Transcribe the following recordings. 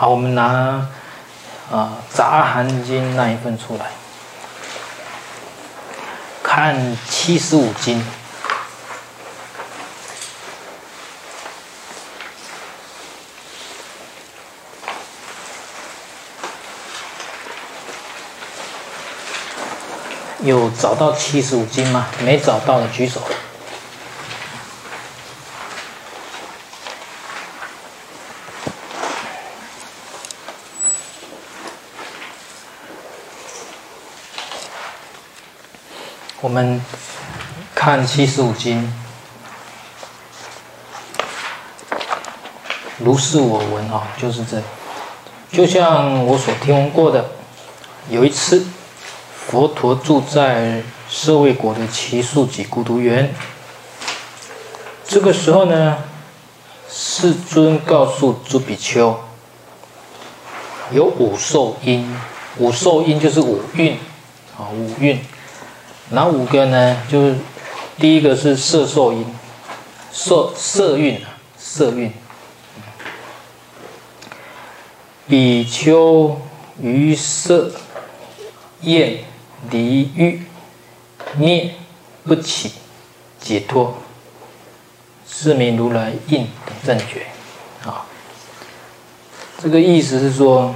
好，我們拿啊、呃、雜阿含經那一份出來，看七十五經，有找到七十五經嗎？沒找到的舉手。我們看七十五經，如是我聞啊，就是這，就像我所聽聞過的，有一次佛陀住在舍衛國的祇樹給孤獨園，這個時候呢，世尊告訴諸比丘，有五受陰，五受陰就是五蘊啊，五蘊。哪五個呢？就是第一個是色受陰，色色蘊啊，色蘊。比丘於色厭離欲念不起解脫，是名如來應等正覺。啊、哦，這個意思是說，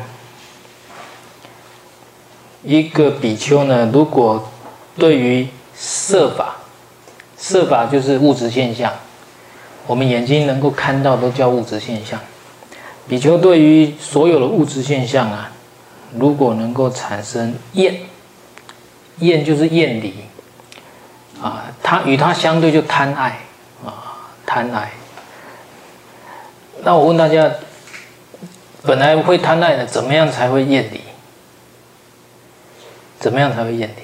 一個比丘呢，如果對於色法，色法就是物質現象，我們眼睛能夠看到都叫物質現象。比丘對於所有的物質現象啊，如果能夠產生厭，厭就是厭離啊，它與它相對就貪愛啊，貪愛。那我問大家，本來會貪愛的，怎麼樣才會厭離？怎麼樣才會厭離？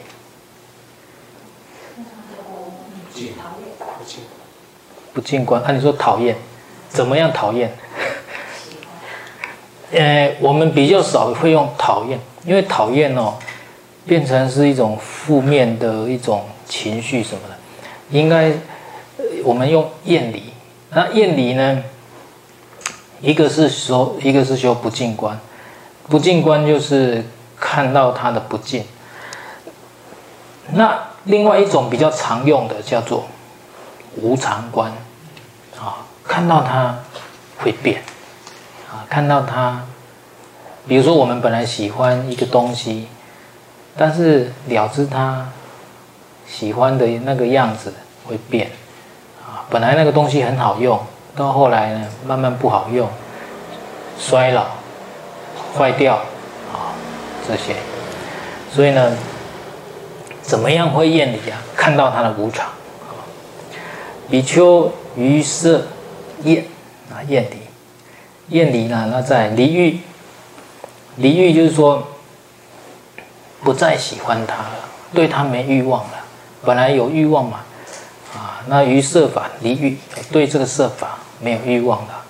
不淨觀，按、啊、你說討厭，怎麼樣討厭、 呃？我們比較少會用討厭，因為討厭哦，變成是一種負面的一種情緒什麼的。應該我們用厭離。那厭離呢？一個是說，一個是說不淨觀。不淨觀就是看到他的不淨。那另外一種比較常用的叫做。無常觀，啊，看到它會變，啊，看到它，比如說我們本來喜歡一個東西，但是了知它喜歡的那個樣子會變，啊，本來那個東西很好用，到後來呢，慢慢不好用，衰老、壞掉，啊，這些，所以呢，怎麼樣會厭離啊？看到它的無常。比丘於色厭，啊，厭離，厭離呢？那在離欲，離欲就是說不再喜歡他了，對他沒欲望了。本來有欲望嘛，啊，那於色法離欲，對這個色法沒有欲望了。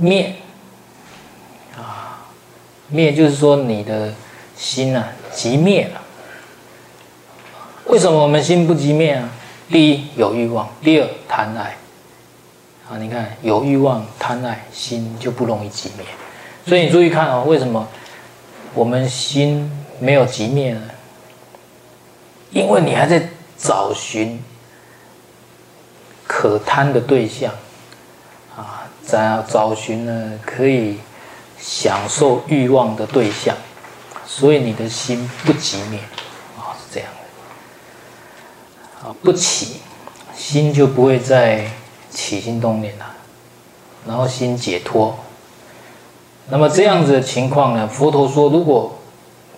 滅啊，滅就是說你的心啊，寂滅了。為什麼我們心不寂滅啊？第一有欲望，第二貪愛。啊，你看有欲望、貪愛，心就不容易寂滅。所以你注意看哦，為什麼我們心沒有寂滅呢？因為你還在找尋可貪的對象，啊，在找尋呢，可以享受欲望的對象，所以你的心不寂滅。啊，不起，心就不會再起心動念了，然後心解脫。那麼這樣子的情況呢？佛陀說，如果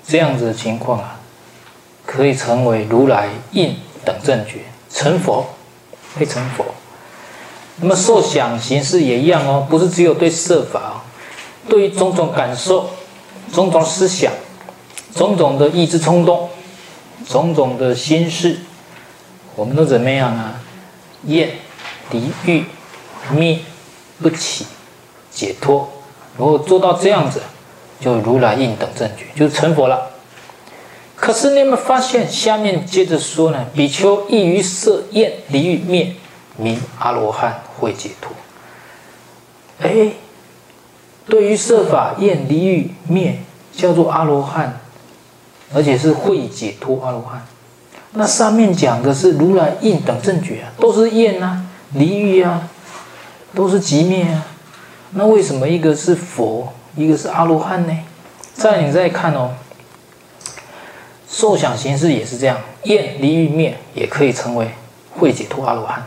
這樣子的情況啊，可以成為如來應等正覺，成佛，會成佛。那麼受想行識也一樣哦，不是只有對色法，對於種種感受、種種思想、種種的意志衝動、種種的心事。我們都怎麼樣呢？厭、離欲、滅、不起、解脫，如果做到這樣子，就如來應等正覺，就是成佛了。可是你有沒有發現，下面接着說呢？比丘易於色，厭、離欲、滅，名阿羅漢慧解脫。哎，對於色法厭離欲滅，叫做阿羅漢，而且是慧解脫阿羅漢。那上面講的是如來應等正覺啊，都是厭啊、離欲啊，都是即滅啊。那為什麼一個是佛，一個是阿羅漢呢？再你再看哦，受想行識也是這樣，厭離欲滅也可以稱為慧解脫阿羅漢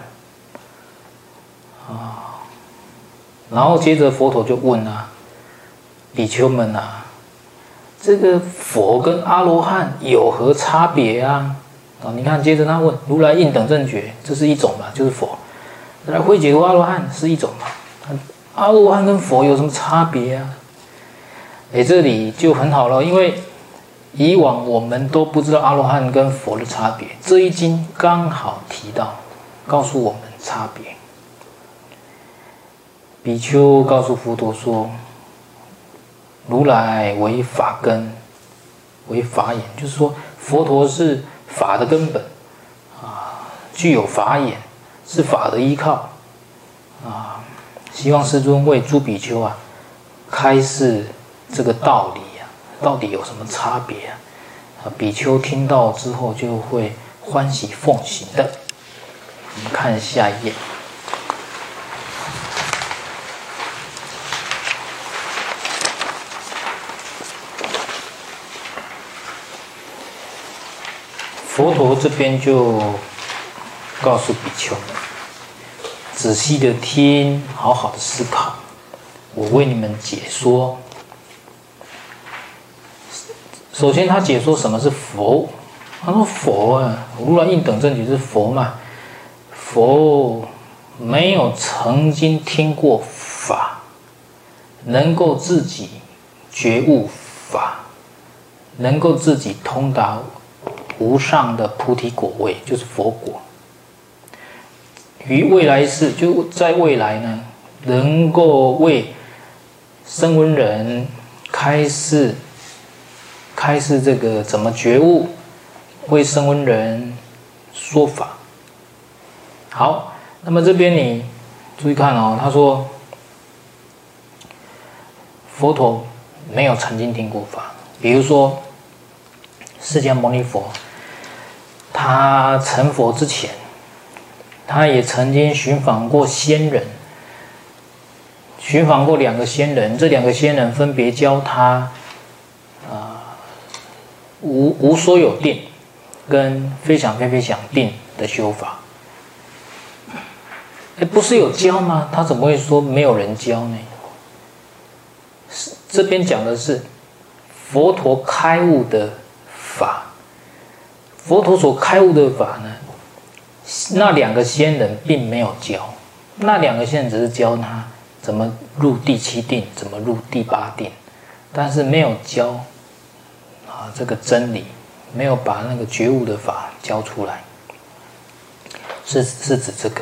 啊。然後接着佛陀就問啊，比丘們啊，這個佛跟阿羅漢有何差別啊？啊、哦，你看，接着他問：“如來應等正覺，這是一種嘛？就是佛來慧解脫阿羅漢，是一種嘛？阿羅漢跟佛有什麼差別啊？”哎，這裡就很好了，因為以往我們都不知道阿羅漢跟佛的差別，這一經剛好提到，告訴我們差別。比丘告訴佛陀說：“如來為法根，為法眼，就是說佛陀是。”法的根本啊，具有法眼，是法的依靠啊。希望師尊為諸比丘啊，開示這個道理呀，啊，到底有什麼差別啊？啊，比丘聽到之後就會歡喜奉行的。我們看下一頁。佛陀這邊就告訴比丘們，仔細的聽，好好的思考。我為你們解說。首先，他解說什麼是佛。他說：“佛啊，如來、應、等正覺是佛嘛？佛沒有曾經聽過法，能夠自己覺悟法，能夠自己通達。”無上的菩提果位就是佛果，於未來世就在未來呢，能夠為聲聞人開示、開示這個怎麼覺悟，為聲聞人說法。好，那麼這邊你注意看哦，他說佛陀沒有曾經聽過法，比如說釋迦牟尼佛。他成佛之前，他也曾經尋訪過仙人，尋訪過兩個仙人，這兩個仙人分別教他啊、呃、無無所有定跟非想非非想定的修法。哎，不是有教嗎？他怎麼會說沒有人教呢？是這邊講的是佛陀開悟的法。佛陀所開悟的法呢，那兩個仙人並沒有教，那兩個仙人只是教他怎麼入第七定，怎麼入第八定，但是沒有教啊這個真理，沒有把那個覺悟的法教出來，是是指這個。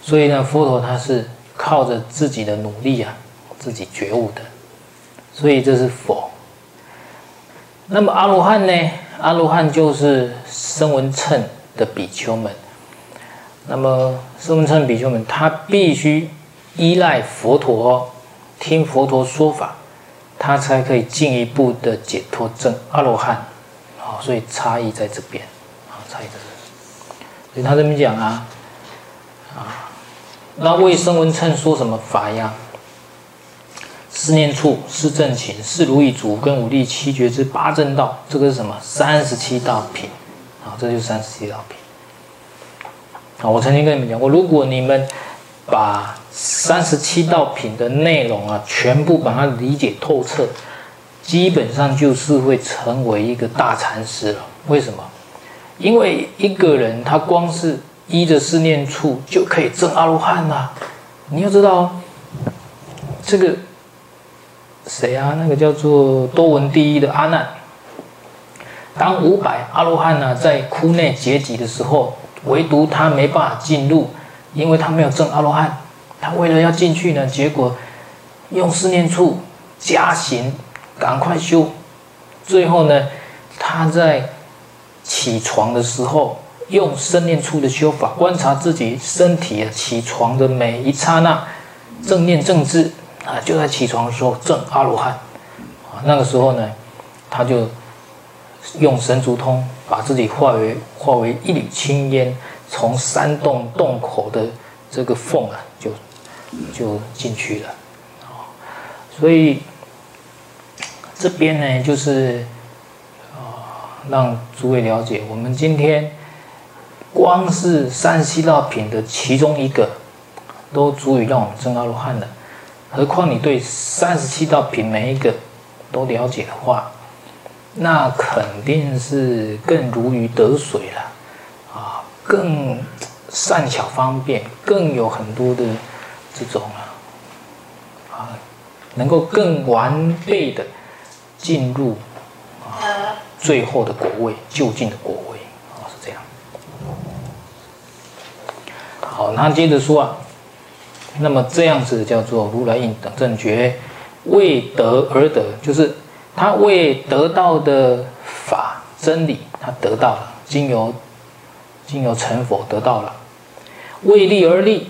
所以呢，佛陀他是靠着自己的努力啊，自己覺悟的，所以這是佛。那麼阿羅漢呢？阿羅漢就是聲聞乘的比丘們，那麼聲聞乘的比丘們，他必須依賴佛陀、哦、聽佛陀說法，他才可以進一步的解脫證阿羅漢。好，所以差異在這邊，啊，差異在這邊。所以他這邊講啊，啊，那為聲聞乘說什麼法呀？四念處四正勤，四如意足，跟五力七覺支八正道，這個是什麼？三十七道品。好，這就是三十七道品。好，我曾經跟你們講過，如果你們把三十七道品的內容啊，全部把它理解透徹，基本上就是會成為一個大禪師了。為什麼？因為一個人他光是依着四念處就可以證阿羅漢啦。你要知道，哦，這個。誰啊？那個叫做多聞第一的阿難，當五百阿羅漢呢、啊、在窟內結集的時候，唯獨他沒辦法進入，因為他沒有證阿羅漢。他為了要進去呢，結果用四念處加行，趕快修。最後呢，他在起床的時候用身念處的修法，觀察自己身體啊起床的每一剎那，正念正知。啊，就在起床的時候證阿羅漢。啊，那個時候呢，他就用神足通把自己化為化為一縷青煙，從山洞洞口的這個縫啊，就就進去了。啊，所以這邊呢，就是啊，讓諸位了解，我們今天光是三十七道品的其中一個，都足以讓我們證阿羅漢了。何況你對三十七道品每一個都了解的話，那肯定是更如魚得水了，啊，更善巧方便，更有很多的這種啊，啊，能夠更完備的進入啊最後的果位，究竟的果位啊，是這樣。好，那接着說啊。那麼這樣子叫做如來應等正覺，為得而得，就是他為得到的法真理，他得到了，經由經由成佛得到了，為利而利，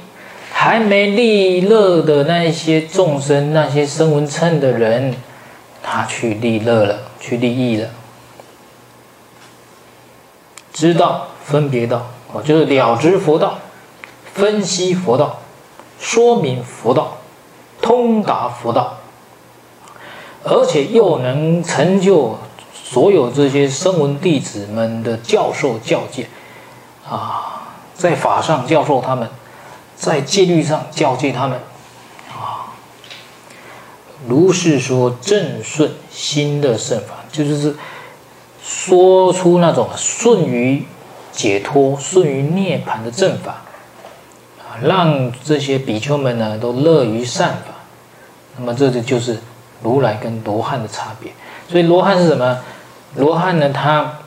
還沒利樂的那一些眾生，那些聲聞乘的人，他去利樂了，去利益了，知道分別道哦，就是了知佛道，分析佛道。說明佛道，通達佛道，而且又能成就所有這些聲聞弟子們的教授教誡啊，在法上教授他們，在戒律上教誡他們，啊，如是說正順心的正法，就是說出那種順於解脫、順於涅槃的正法。讓這些比丘們呢，都樂於善法，那麽這個就是如來跟羅漢的差別。所以羅漢是什麽？羅漢呢，他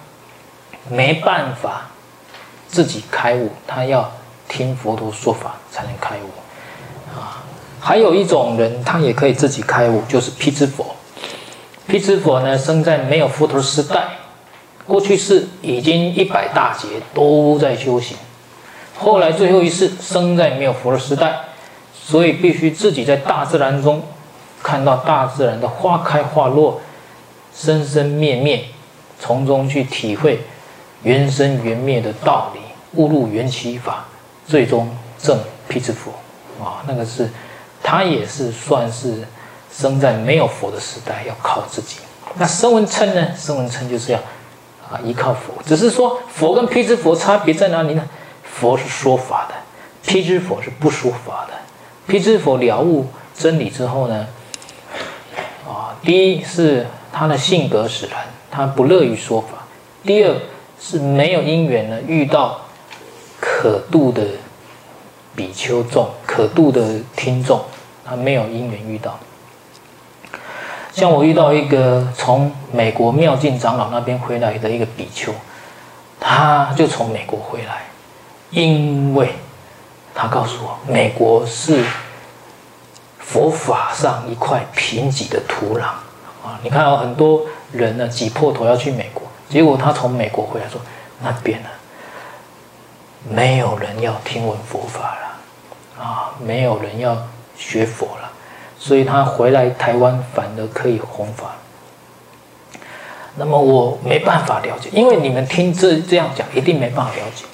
沒辦法自己開悟，他要聽佛陀說法才能開悟啊。還有一種人，他也可以自己開悟，就是辟支佛。辟支佛呢，生在沒有佛陀時代，過去是已經一百大劫都在修行。後來最後一次生在沒有佛的時代，所以必須自己在大自然中看到大自然的花開花落、生生滅滅，從中去體會緣生緣滅的道理，悟入緣起法，最終證辟支佛。啊、哦，那個是，他也是算是生在沒有佛的時代，要靠自己。那聲聞乘呢？聲聞乘就是要啊依靠佛，只是說佛跟辟支佛差別在哪裡呢？佛是說法的，辟支佛是不說法的。辟支佛了悟真理之後呢，啊，第一是他的性格使然，他不樂於說法；第二是沒有因緣呢遇到可度的比丘眾、可度的聽眾，他沒有因緣遇到。像我遇到一個從美國妙境長老那邊回來的一個比丘，他就從美國回來。因為他告訴我，美國是佛法上一塊貧瘠的土壤啊！你看啊、哦，很多人呢擠破頭要去美國，結果他從美國回來說，說那邊呢、啊、沒有人要聽聞佛法了，啊，沒有人要學佛了，所以他回來台灣反而可以弘法。那麼我沒辦法了解，因為你們聽這這樣講，一定沒辦法了解。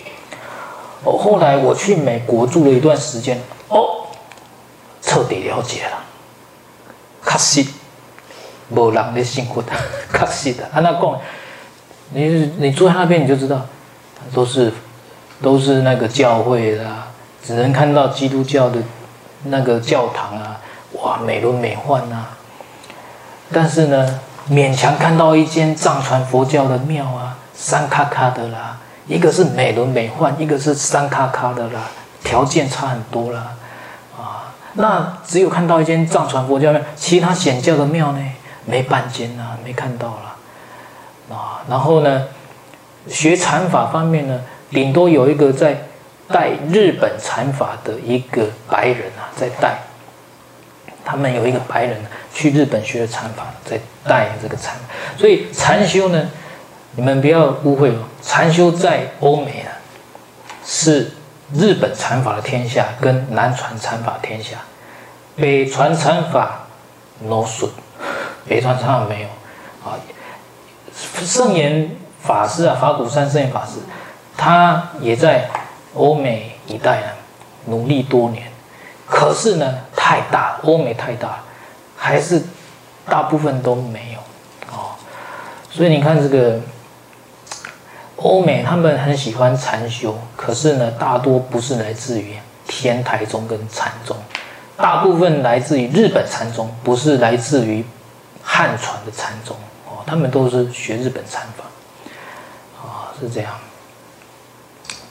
後來我去美國住了一段時間，哦，徹底了解了，確實，無人的辛苦的，確實的。啊，那逛，你你住在那邊你就知道，都是都是那個教會啦、啊，只能看到基督教的那個教堂啊，哇，美輪美奐啊。但是呢，勉強看到一間藏傳佛教的廟啊，山卡卡的啦。一個是美輪美奐，一個是山卡卡的啦，條件差很多啦，啊，那只有看到一間藏傳佛教廟，其他顯教的廟呢，沒半間呢、啊，沒看到啦，啊，然後呢，學禪法方面呢，頂多有一個在帶日本禪法的一個白人啊，在帶，他們有一個白人去日本學的禪法，在帶這個禪，所以禪修呢。你們不要誤會哦，禪修在歐美呢，是日本禪法的天下，跟南傳禪法的天下，北傳禪法磨損，no、su, 北傳禪法沒有啊、哦。聖嚴法師啊，法鼓山聖嚴法師，他也在歐美一帶呢，努力多年，可是呢太大，歐美太大了，還是大部分都沒有啊、哦，所以你看這個。歐美他們很喜歡禪修，可是呢，大多不是來自於天台宗跟禪宗，大部分來自於日本禪宗，不是來自於漢傳的禪宗哦，他們都是學日本禪法，啊、哦，是這樣。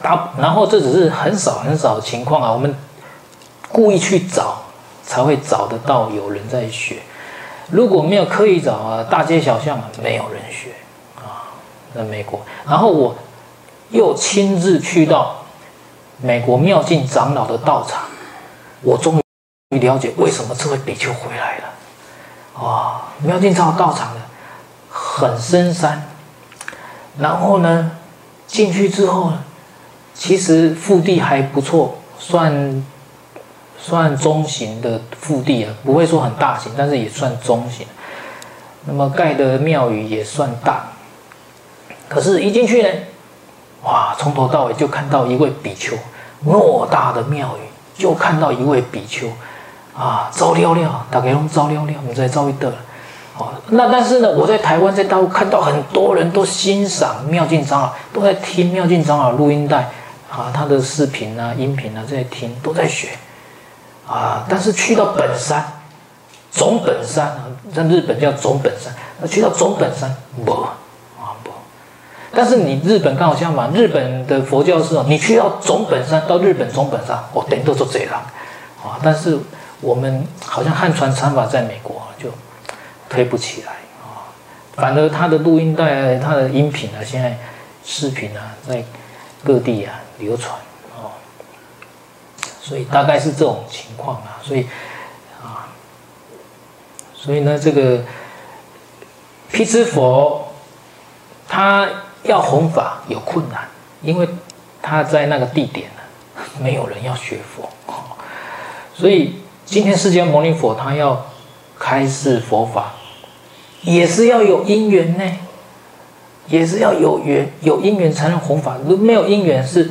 大然後這只是很少很少的情況啊，我們故意去找才會找得到有人在學，如果沒有刻意找啊，大街小巷沒有人學。美國，然後我又親自去到美國妙境長老的道場，我終於了解為什麼這位比丘回來了。啊、哦，妙境長老道場很深山，然後呢，進去之後，其實腹地還不錯，算算中型的腹地啊，不會說很大型，但是也算中型。那麼蓋的廟宇也算大。可是一進去呢，哇！從頭到尾就看到一位比丘。偌大的廟宇，就看到一位比丘，啊，招撩撩，大家都招撩撩，我們再招一堆。哦、啊，那但是呢，我在台灣，在大陸看到很多人都欣賞妙境長老，都在聽妙境長老錄音帶，啊，他的視頻啊、音頻啊，在聽，都在學。啊，但是去到本山，總本山，在日本叫總本山，啊、去到總本山，我。但是你日本剛好相反，日本的佛教是你去到總本山，到日本總本山，哦，多人都做賊了，啊！但是我們好像漢傳禪法在美國就推不起來啊，反而他的錄音帶、他的音頻呢、啊，現在視頻呢、啊，在各地啊流傳哦，所以大概是這種情況啊，所以啊，所以呢，這個闢支佛他。要弘法有困難，因為他在那個地點呢，沒有人要學佛，所以今天釋迦牟尼佛他要開示佛法，也是要有因緣呢，也是要有緣，有因緣才能弘法，如果沒有因緣是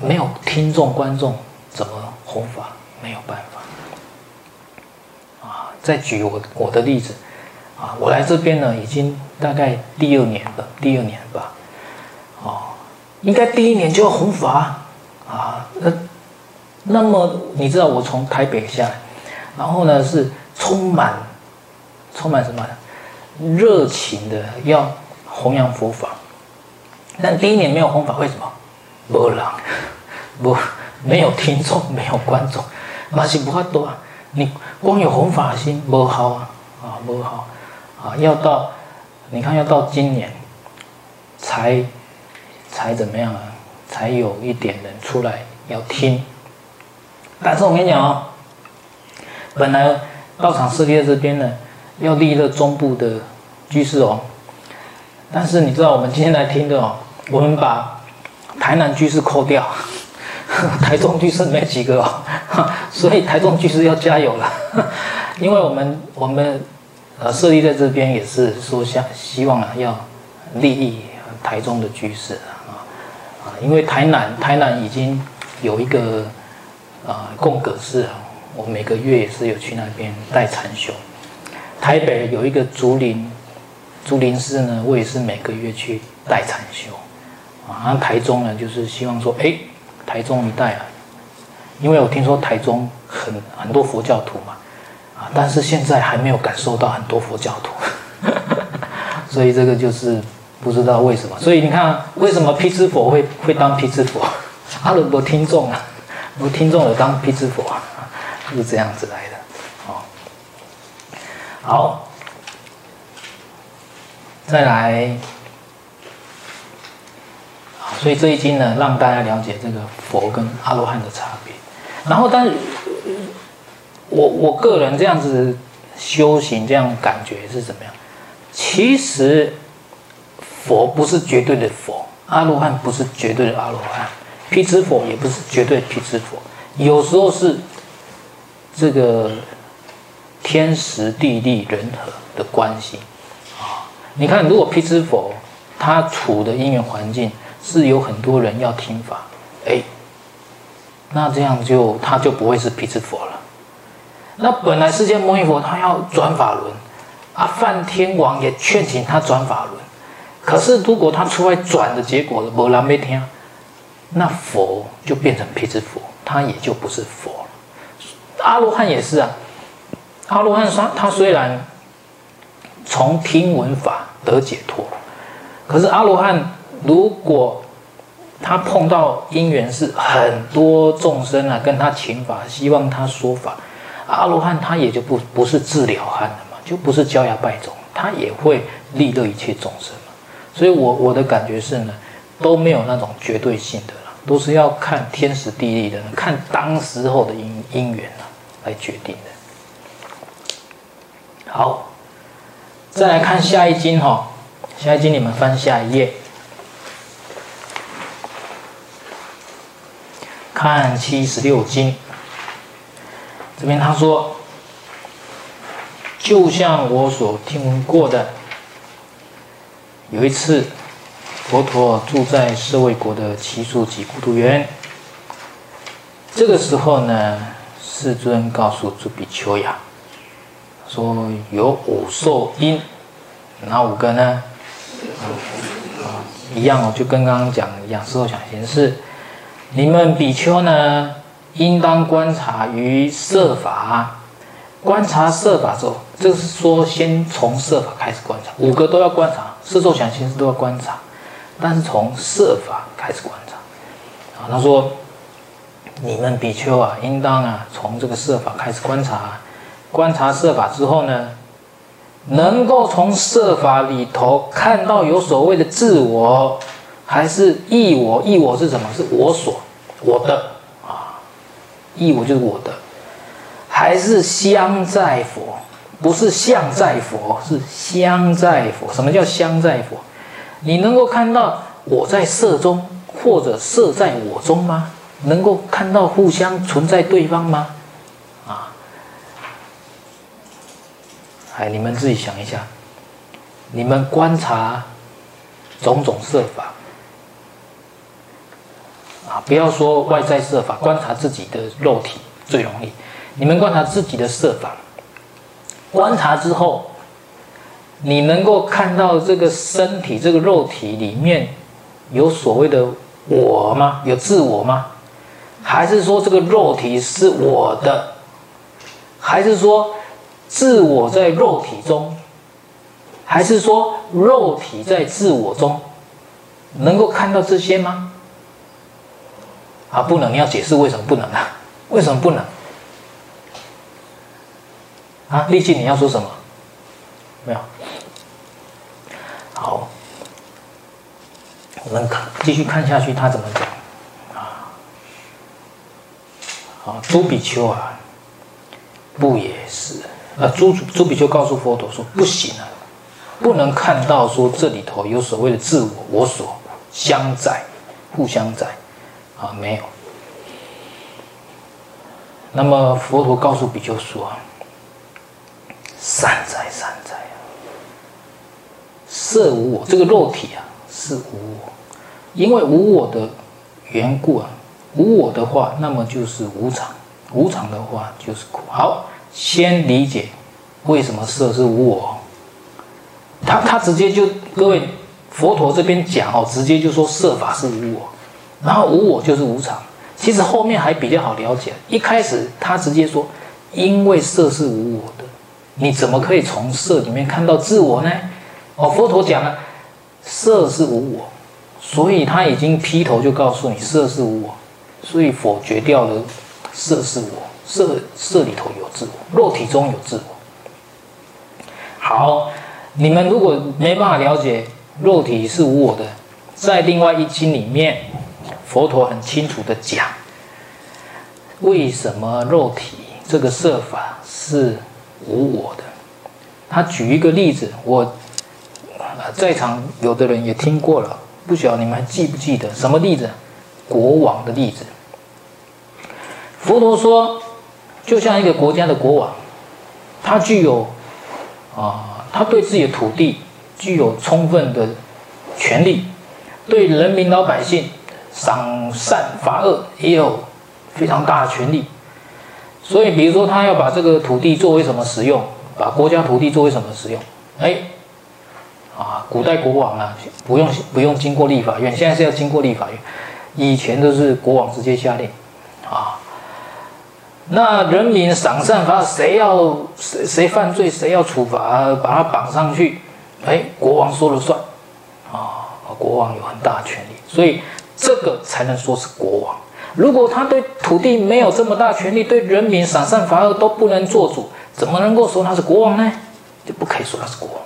沒有聽眾觀眾，怎麼弘法，沒有辦法。啊，再舉我我的例子，啊，我來這邊呢已經。大概第二年吧，第二年吧，哦，應該第一年就要弘法啊，啊，那那麼你知道我從台北下來，然後呢是充滿，充滿什麼熱情的要弘揚佛法，但第一年沒有弘法，為什麼？不冷，不沒，沒有聽眾，沒有觀眾，那是無法多啊。你光有弘法心沒好啊，啊沒好，啊要到。你看，要到今年，才，才怎麼樣啊？才有一點人出來要聽。但是，我跟你講哦，本來道場世界這邊呢，要立一個中部的居士哦。但是你知道，我們今天來聽的哦，我們把台南居士扣掉，台中居士沒幾個哦，所以台中居士要加油了，因為我們我們。呃、啊，設立在這邊也是說想，想希望啊，要利益台中的居士啊啊，因為台南台南已經有一個啊貢噶寺啊，我每個月也是有去那邊帶禪修，台北有一個竹林竹林寺呢，我也是每個月去帶禪修啊，然、啊、台中呢，就是希望說，哎、欸，台中一帶啊，因為我聽說台中很很多佛教徒嘛。但是現在還沒有感受到很多佛教徒， 所以這個就是不知道為什麼。所以你看，為什麼辟支佛會會當辟支佛？阿羅漢聽眾啊，聽眾有當辟支佛，是這樣子來的。好，好，再來。所以這一經呢，讓大家了解這個佛跟阿羅漢的差別。然後，但是。我我個人這樣子修行，這樣感覺是怎麼樣？其實佛不是絕對的佛，阿羅漢不是絕對的阿羅漢，辟支佛也不是絕對辟支佛。有時候是這個天時地利人和的關係啊！你看，如果辟支佛他處的因緣環境是有很多人要聽法，哎，那這樣就他就不會是辟支佛了。那本來釋迦牟尼佛他要轉法輪，啊，梵天王也勸請他轉法輪，可是如果他出來轉的結果沒人沒聽，那佛就變成辟支佛，他也就不是佛了。阿羅漢也是啊，阿羅漢他雖然從聽聞法得解脫，可是阿羅漢如果他碰到因緣是很多眾生啊跟他請法，希望他說法。阿羅漢他也就不不是自了漢的嘛，就不是焦芽敗種，他也會利樂一切眾生嘛。所以我我的感覺是呢，都沒有那種絕對性的啦，都是要看天時地利的，看當時候的因因緣啊來決定的。好，再來看下一經哈、哦，下一經你們翻下一頁，看七十六經。這邊他說，就像我所聽聞過的，有一次，佛陀住在舍衛國的祇樹及孤獨園。這個時候呢，世尊告訴諸比丘呀，說有五受陰，哪五個呢、嗯嗯嗯？一樣哦，就跟剛剛講的一樣，受想行識。你們比丘呢，應當觀察於色法，觀察色法之後，就是說先從色法開始觀察。五個都要觀察，四受想行識都要觀察，但是從色法開始觀察。啊，他說：“你們比丘啊，應當啊，從這個色法開始觀察，觀察色法之後呢，能夠從色法裡頭看到有所謂的自我，還是異我？異我是什麼？是我所，我的。”異我就是我的，還是相在佛？不是相在佛，是相在佛。什麼叫相在佛？你能夠看到我在色中，或者色在我中嗎？能夠看到互相存在對方嗎？啊！哎，你們自己想一下，你們觀察種種色法。啊，不要說外在色法，觀察自己的肉體最容易。你們觀察自己的色法，觀察之後，你能夠看到這個身體、這個肉體裡面有所謂的我嗎？有自我嗎？還是說這個肉體是我的？還是說自我在肉體中？還是說肉體在自我中？能夠看到這些嗎？啊，不能！你要解釋為什麼不能啊？為什麼不能？啊，立淨，你要說什麼？沒有。好，我們看，繼續看下去，他怎麼講？啊，啊，諸比丘啊，不也是？啊，諸諸比丘告訴佛陀說，不行啊，不能看到說這裡頭有所謂的自我、我所相在，互相在。啊，沒有。那麼佛陀告訴比丘說：“善哉，善哉，色無我，這個肉體啊是無我，因為無我的緣故啊，無我的話，那麼就是無常，無常的話就是苦。好，先理解為什麼色是無我。他他直接就各位佛陀這邊講哦，直接就說色法是無我。”然後無我就是無常，其實後面還比較好了解。一開始他直接說，因為色是無我的，你怎麼可以從色裡面看到自我呢？哦，佛陀講了，色是無我，所以他已經劈頭就告訴你，色是無我，所以否決掉了色是我，色色裡頭有自我，肉體中有自我。好，你們如果沒辦法了解肉體是無我的，在另外一經裡面。佛陀很清楚的講，為什麼肉體這個色法是無我的？他舉一個例子，我在場有的人也聽過了，不曉得你們還記不記得什麼例子？國王的例子。佛陀說，就像一個國家的國王，他具有啊、呃，他對自己的土地具有充分的權利，對人民老百姓。賞善罰惡也有非常大的權力，所以比如說他要把這個土地作為什麼使用，把國家土地作為什麼使用，哎，啊，古代國王啊，不用不用經過立法院，現在是要經過立法院，以前都是國王直接下令，啊，那人民賞善罰誰要誰誰犯罪，誰要處罰，啊，把他綁上去，哎，國王說了算，啊，啊，國王有很大的權力，所以。這個才能說是國王。如果他對土地沒有這麼大權力，對人民賞善罰惡都不能做主，怎麼能夠說他是國王呢？就不可以說他是國王。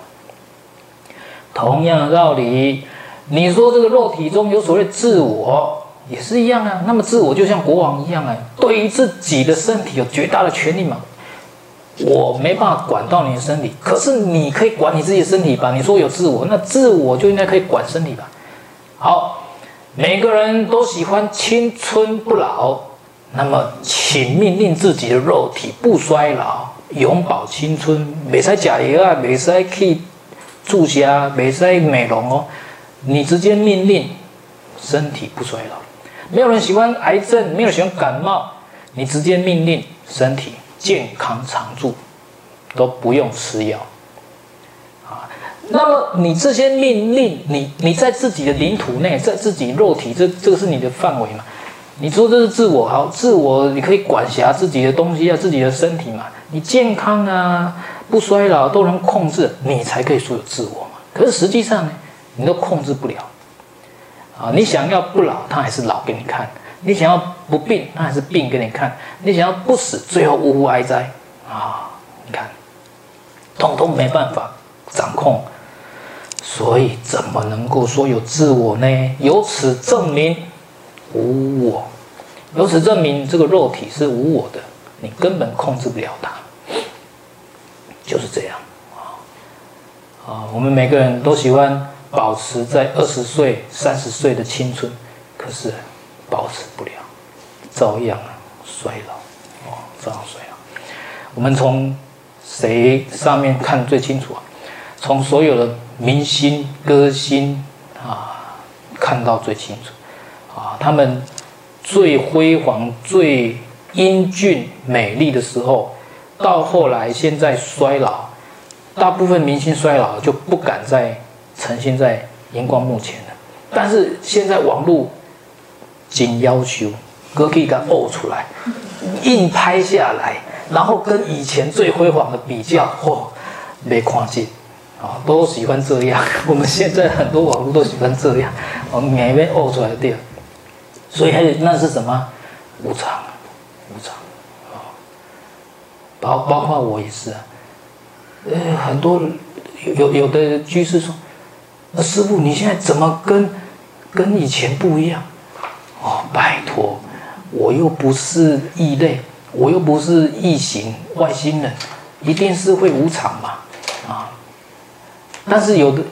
同樣的道理，你說這個肉體中有所謂自我，也是一樣啊。那麼自我就像國王一樣啊，對於自己的身體有絕大的權力嘛？我沒辦法管到你的身體，可是你可以管你自己的身體吧？你說有自我，那自我就應該可以管身體吧？好。每個人都喜歡青春不老，那麼請命令自己的肉體不衰老，永葆青春。未使食藥啊，未使去注射，未使美容哦，你直接命令身體不衰老。沒有人喜歡癌症，沒有人喜歡感冒，你直接命令身體健康常住，都不用吃藥。那麼你這些命令，你你在自己的領土內，在自己肉體，這這個是你的範圍嘛？你說這是自我，好，自我你可以管轄自己的東西啊，自己的身體嘛，你健康啊，不衰老都能控制，你才可以說有自我嘛。可是實際上呢，你都控制不了，啊，你想要不老，他還是老給你看；你想要不病，他還是病給你看；你想要不死，最後嗚呼哀哉啊，你看，通通沒辦法掌控。所以，怎麼能夠說有自我呢？由此證明無我，由此證明這個肉體是無我的，你根本控制不了它，就是這樣啊！啊、哦，我們每個人都喜歡保持在二十歲、三十歲的青春，可是保持不了，照樣衰老，哦，照樣衰老。我們從誰上面看最清楚？啊？從所有的明星歌星啊，看到最清楚，啊，他們最輝煌、最英俊、美麗的時候，到後來現在衰老，大部分明星衰老就不敢再呈現在熒光幕前了。但是現在網絡僅要求歌可以給它嘔出來，硬拍下來，然後跟以前最輝煌的比較，嚯、哦，沒關係啊，都喜歡這樣。我們現在很多網絡都喜歡這樣，我免費哦，出來的。所以還有那是什麼？無常，無常啊！包、哦、包括我也是、啊。呃、欸，很多人有有的居士說：“師傅，你現在怎麼跟跟以前不一樣？”哦，拜託，我又不是異類，我又不是異形外星人，一定是會無常嘛啊！哦但是有的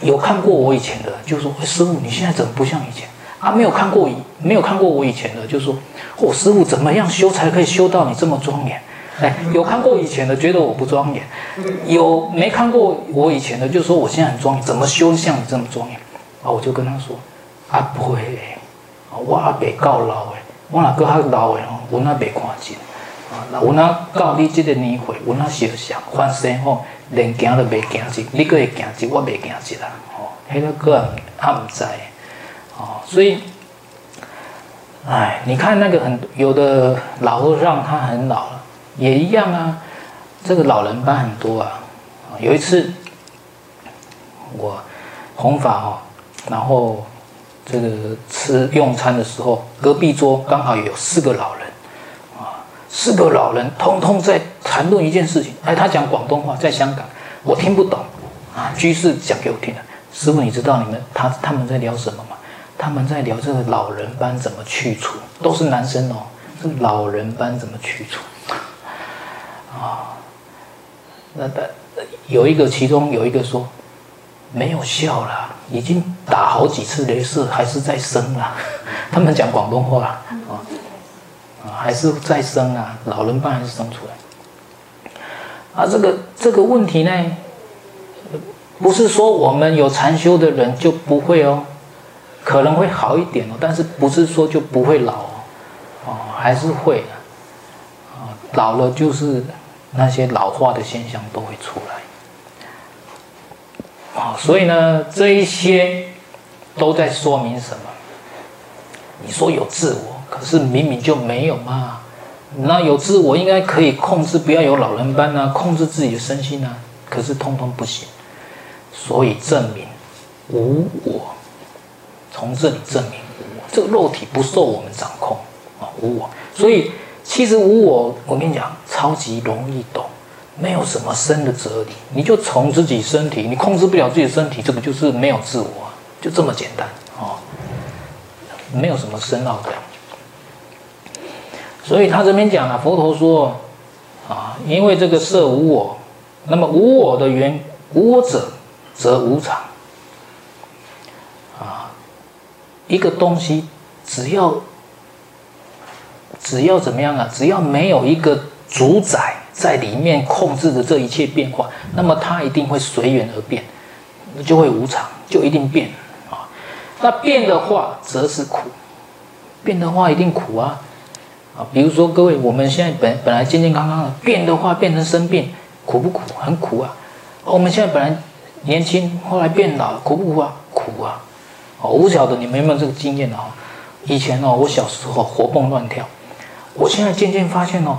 有看過我以前的，就說：哎、師父，你現在怎麼不像以前？啊，沒有看過，沒有看過我以前的，就說：我、哦、師父，怎麼樣修才可以修到你這麼莊嚴？哎，有看過以前的，覺得我不莊嚴；有沒看過我以前的，就說我現在很莊嚴，怎麼修像你這麼莊嚴？啊，我就跟他說：啊，不會，我阿北告老哎，我阿哥較老哎，我那北跨境。啊、嗯，那我那到你這個年會，我那想想，翻、嗯、身，吼，人行了，袂驚急，你佫會驚急，我袂驚急啦。哦，迄個個憨仔，哦，所以，哎，你看那個很有的老和尚，他很老了，也一樣啊。這個老人班很多啊。有一次，我弘法哦，然後這個吃用餐的時候，隔壁桌剛好有四個老人。四個老人通通在談論一件事情。哎，他講廣東話，在香港我聽不懂啊。居士講給我聽的，師父，你知道你們他他們在聊什麼嗎？他們在聊這個老人斑怎麼去除，都是男生哦，是老人斑怎麼去除啊？那，那有一個，其中有一個說，沒有效了，已經打好幾次雷射，還是在生了。他們講廣東話啊。還是再生啊，老人斑還是生出來。啊，這個這個問題呢，不是說我們有禪修的人就不會哦，可能會好一點哦，但是不是說就不會老哦，哦還是會啊，老了就是那些老化的現象都會出來。啊，哦，所以呢，這一些都在說明什麼？你說有自我。可是明明就沒有嘛，那有自我應該可以控制，不要有老人斑啊，控制自己的身心啊。可是通通不行，所以證明無我。從這裡證明無我，這個肉體不受我們掌控啊，無我。所以其實無我，我跟你講，超級容易懂，沒有什麼深的哲理。你就從自己身體，你控制不了自己的身體，這不就是沒有自我，就這麼簡單哦，沒有什麼深奧的。所以他這邊講了，啊，佛陀說，啊，因為這個色無我，那麼無我的緣，無我者則無常。啊，一個東西只要只要怎麼樣啊，只要沒有一個主宰在裡面控制着這一切變化，那麼它一定會隨緣而變，就會無常，就一定變啊。那變的話，則是苦，變的話一定苦啊。啊，比如說各位，我們現在本本來健健康康的，變的話變成生病，苦不苦？很苦啊！我們現在本來年輕，後來變老，苦不苦啊？苦啊！哦，唔曉得你們有沒有這個經驗啊、哦？以前哦，我小時候活蹦亂跳，我現在漸漸發現哦，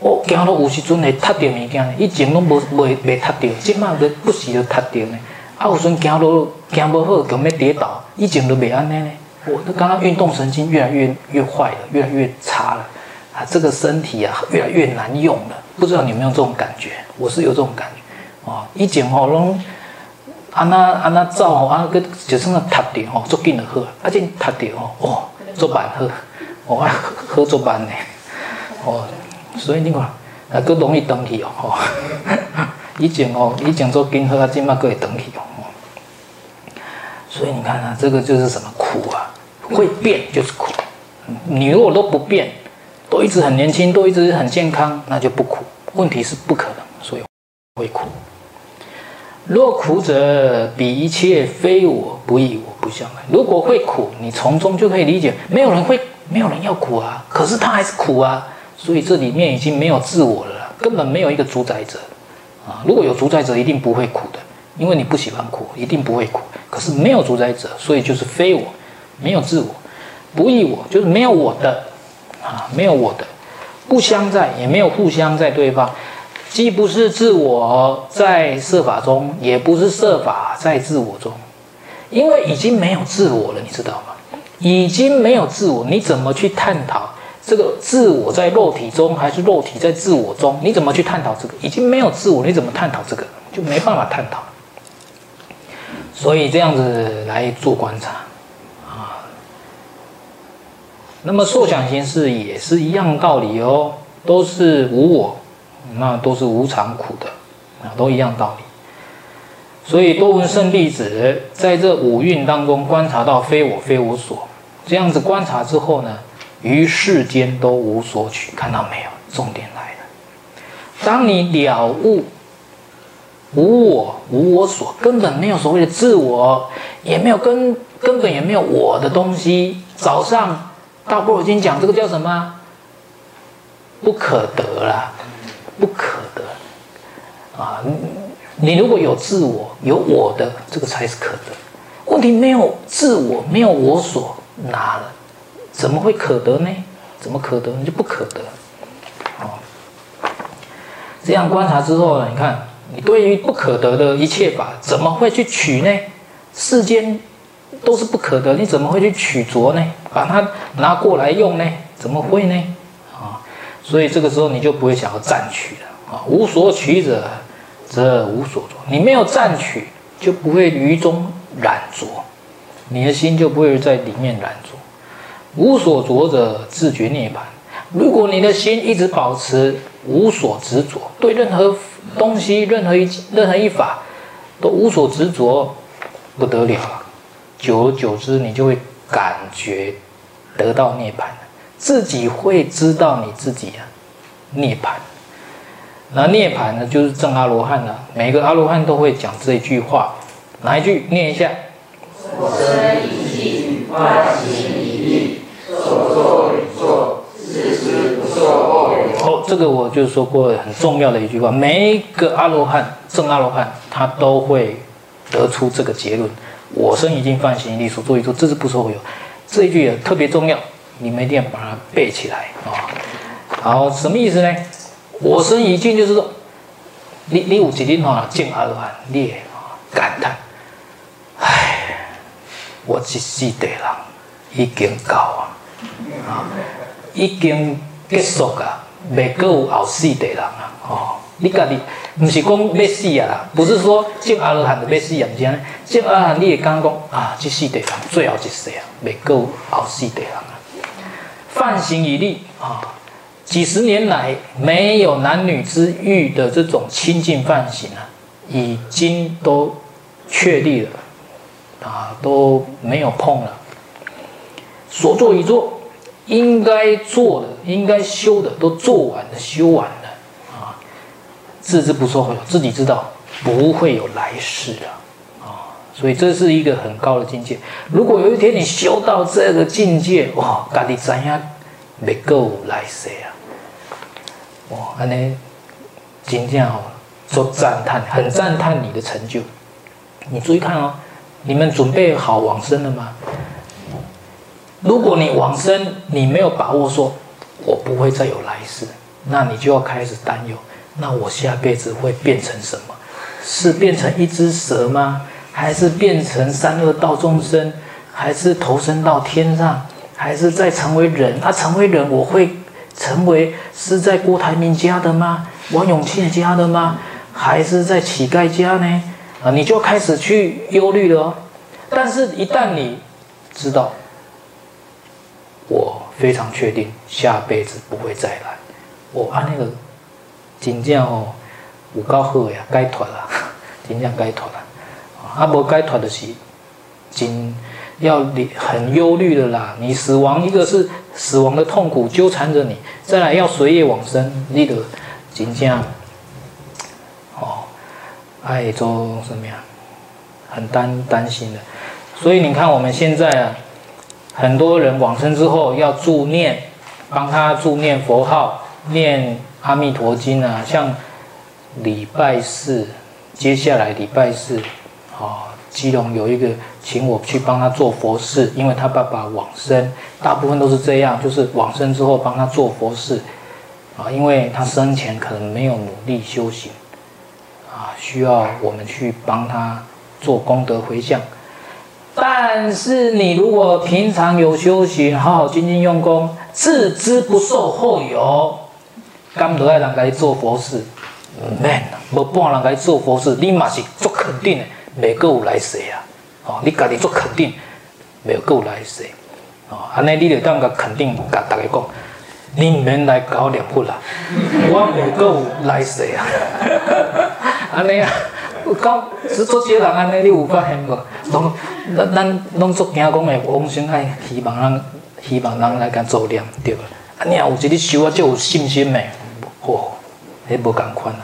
我走路有時陣會踢到物件呢，以前攏無未未踢到，即馬不不時就踢到呢。啊，有時陣走路走不好，就易跌倒，以前都未安尼呢。我、哦、剛剛運動神經越來越越壞了，越來越差了啊！這個身體啊，越來越難用了。不知道你有沒有這種感覺？我是有這種感覺哦。以前哦，攏安那安那走、啊、哦，安個就算個踏着哦，做筋就好。而且踏着哦，哇、哦，做慢喝，我、哦啊、喝喝做慢的。哦，所以你看，還容易登起哦。以前哦，以前做筋喝，它起碼佫會登起哦。所以你看啊，這個就是什麼？苦啊，會變就是苦。你如果都不變，都一直很年輕，都一直很健康，那就不苦。問題是不可能，所以會苦。若苦者，彼一切非我，不異我，不相在。如果會苦，你從中就可以理解，沒有人會，沒有人要苦啊。可是他還是苦啊，所以這裡面已經沒有自我了，根本沒有一個主宰者啊。如果有主宰者，一定不會苦的，因為你不喜歡苦，一定不會苦。可是沒有主宰者，所以就是非我。沒有自我，不異我，就是沒有我的啊，沒有我的，不相在，也沒有互相在對方。既不是自我在色法中，也不是色法在自我中，因為已經沒有自我了，你知道嗎？已經沒有自我，你怎麼去探討這個自我在肉體中，還是肉體在自我中？你怎麼去探討這個？已經沒有自我，你怎麼探討這個？就沒辦法探討。所以這樣子來做觀察。那麼受想行識也是一樣道理哦，都是無我，那都是無常苦的啊，都一樣道理。所以多聞聖弟子在這五蘊當中觀察到非我非我所，這樣子觀察之後呢，於世間都無所取，看到沒有？重點來了，當你了悟無我無我所，根本沒有所謂的自我，也沒有根，根本也沒有我的東西。早上。大部經講這個叫什麼？不可得了，不可得啊！你如果有自我、有我的，這個才是可得。問題沒有自我，沒有我所拿的，怎麼會可得呢？怎麼可得，你就不可得。啊，這樣觀察之後呢，你看你對於不可得的一切法，怎麼會去取呢？世間。都是不可得，你怎麼會去取着呢？把它拿過來用呢？怎麼會呢？啊，所以這個時候你就不會想要占取了啊。無所取者，則無所着。你沒有占取，就不會於中染着，你的心就不會在裡面染着。無所着者，自覺涅槃。如果你的心一直保持無所執着，對任何東西、任何一任何一法都無所執着，不得了了。久而久之，你就會感覺得到涅槃了，自己會知道你自己啊，涅槃。那涅槃呢，就是正阿羅漢了。每個阿羅漢都會講這一句話，哪一句？念一下。我生已盡，梵行已立，所作已作，自知不受後有。哦，這個我就說過很重要的一句話，每一個阿羅漢，正阿羅漢，他都會得出這個結論。我生已盡，梵行已立，所作已作，自知不受後有。這一句也特別重要，你們一定要把它背起來啊！好、哦，然後什麼意思呢？我生已盡就是說，你你五七零啊，盡而晚烈感嘆，唉，我這四代人已經到啊，啊、哦，已經結束啊，未夠後四代人啊。哦你家己，不是講要死啊？不是說證阿羅漢就要死，唔是安尼。證阿羅漢你也講講啊，這是地方最好一世啊，未夠好死地方啊。梵行已立啊，幾十年來沒有男女之欲的這種清淨梵行啊，已經都確立了啊，都沒有碰了。所做已做，應該做的、應該修的都做完了，修完了。自知不受後有，自己知道不會有來世了，啊、哦，所以這是一個很高的境界。如果有一天你修到這個境界，哇，家己知影袂夠來世啊，哇，安尼真正哦，說讚歎，很讚歎你的成就。你注意看哦，你們準備好往生了嗎？如果你往生，你沒有把握說，我不會再有來世，那你就要開始擔憂。那我下輩子會變成什麼？是變成一隻蛇嗎？還是變成三惡道眾生？還是投身到天上？還是再成為人？他、啊、成為人我會成為是在郭台銘家的嗎？王永慶家的嗎？還是在乞丐家呢？啊，你就開始去憂慮了、哦。但是，一旦你知道，我非常確定下輩子不會再來。我怕那個。真正哦，有夠好呀，解脫了，真正解脫了。啊、就是，無解脫的是真要很憂慮的啦。你死亡，一個是死亡的痛苦糾纏着你，再來要隨業往生，你的真正哦，愛做什麼呀？很擔擔心的。所以你看我們現在啊，很多人往生之後要助念，幫他助念佛號念。阿彌陀經啊，像禮拜四，接下來禮拜四，啊，基隆有一個請我去幫他做佛事，因為他爸爸往生，大部分都是這樣，就是往生之後幫他做佛事，啊，因為他生前可能沒有努力修行，啊，需要我們去幫他做功德回向。但是你如果平常有修行，好好精進用功，自知不受後有。甘多誒人甲伊做佛事，man，無半個人甲伊做佛事，你嘛是足肯定的，未夠有來世啊！哦，你家己足肯定，未夠有來世、啊，哦，安尼你著感覺肯定甲大家講，你毋免來搞念佛啦。我未夠有，有來世啊！安 尼 啊，到十桌前人安尼，你有發現無？攏咱攏作驚講誒，我先愛希望咱，希望人來甲做念對吧。安尼啊，有一日修啊，足有信心誒。嚯、哦，也不趕快了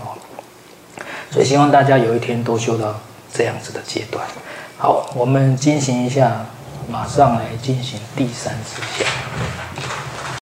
哦，所以希望大家有一天都修到這樣子的階段。好，我們進行一下，馬上來進行第三次下。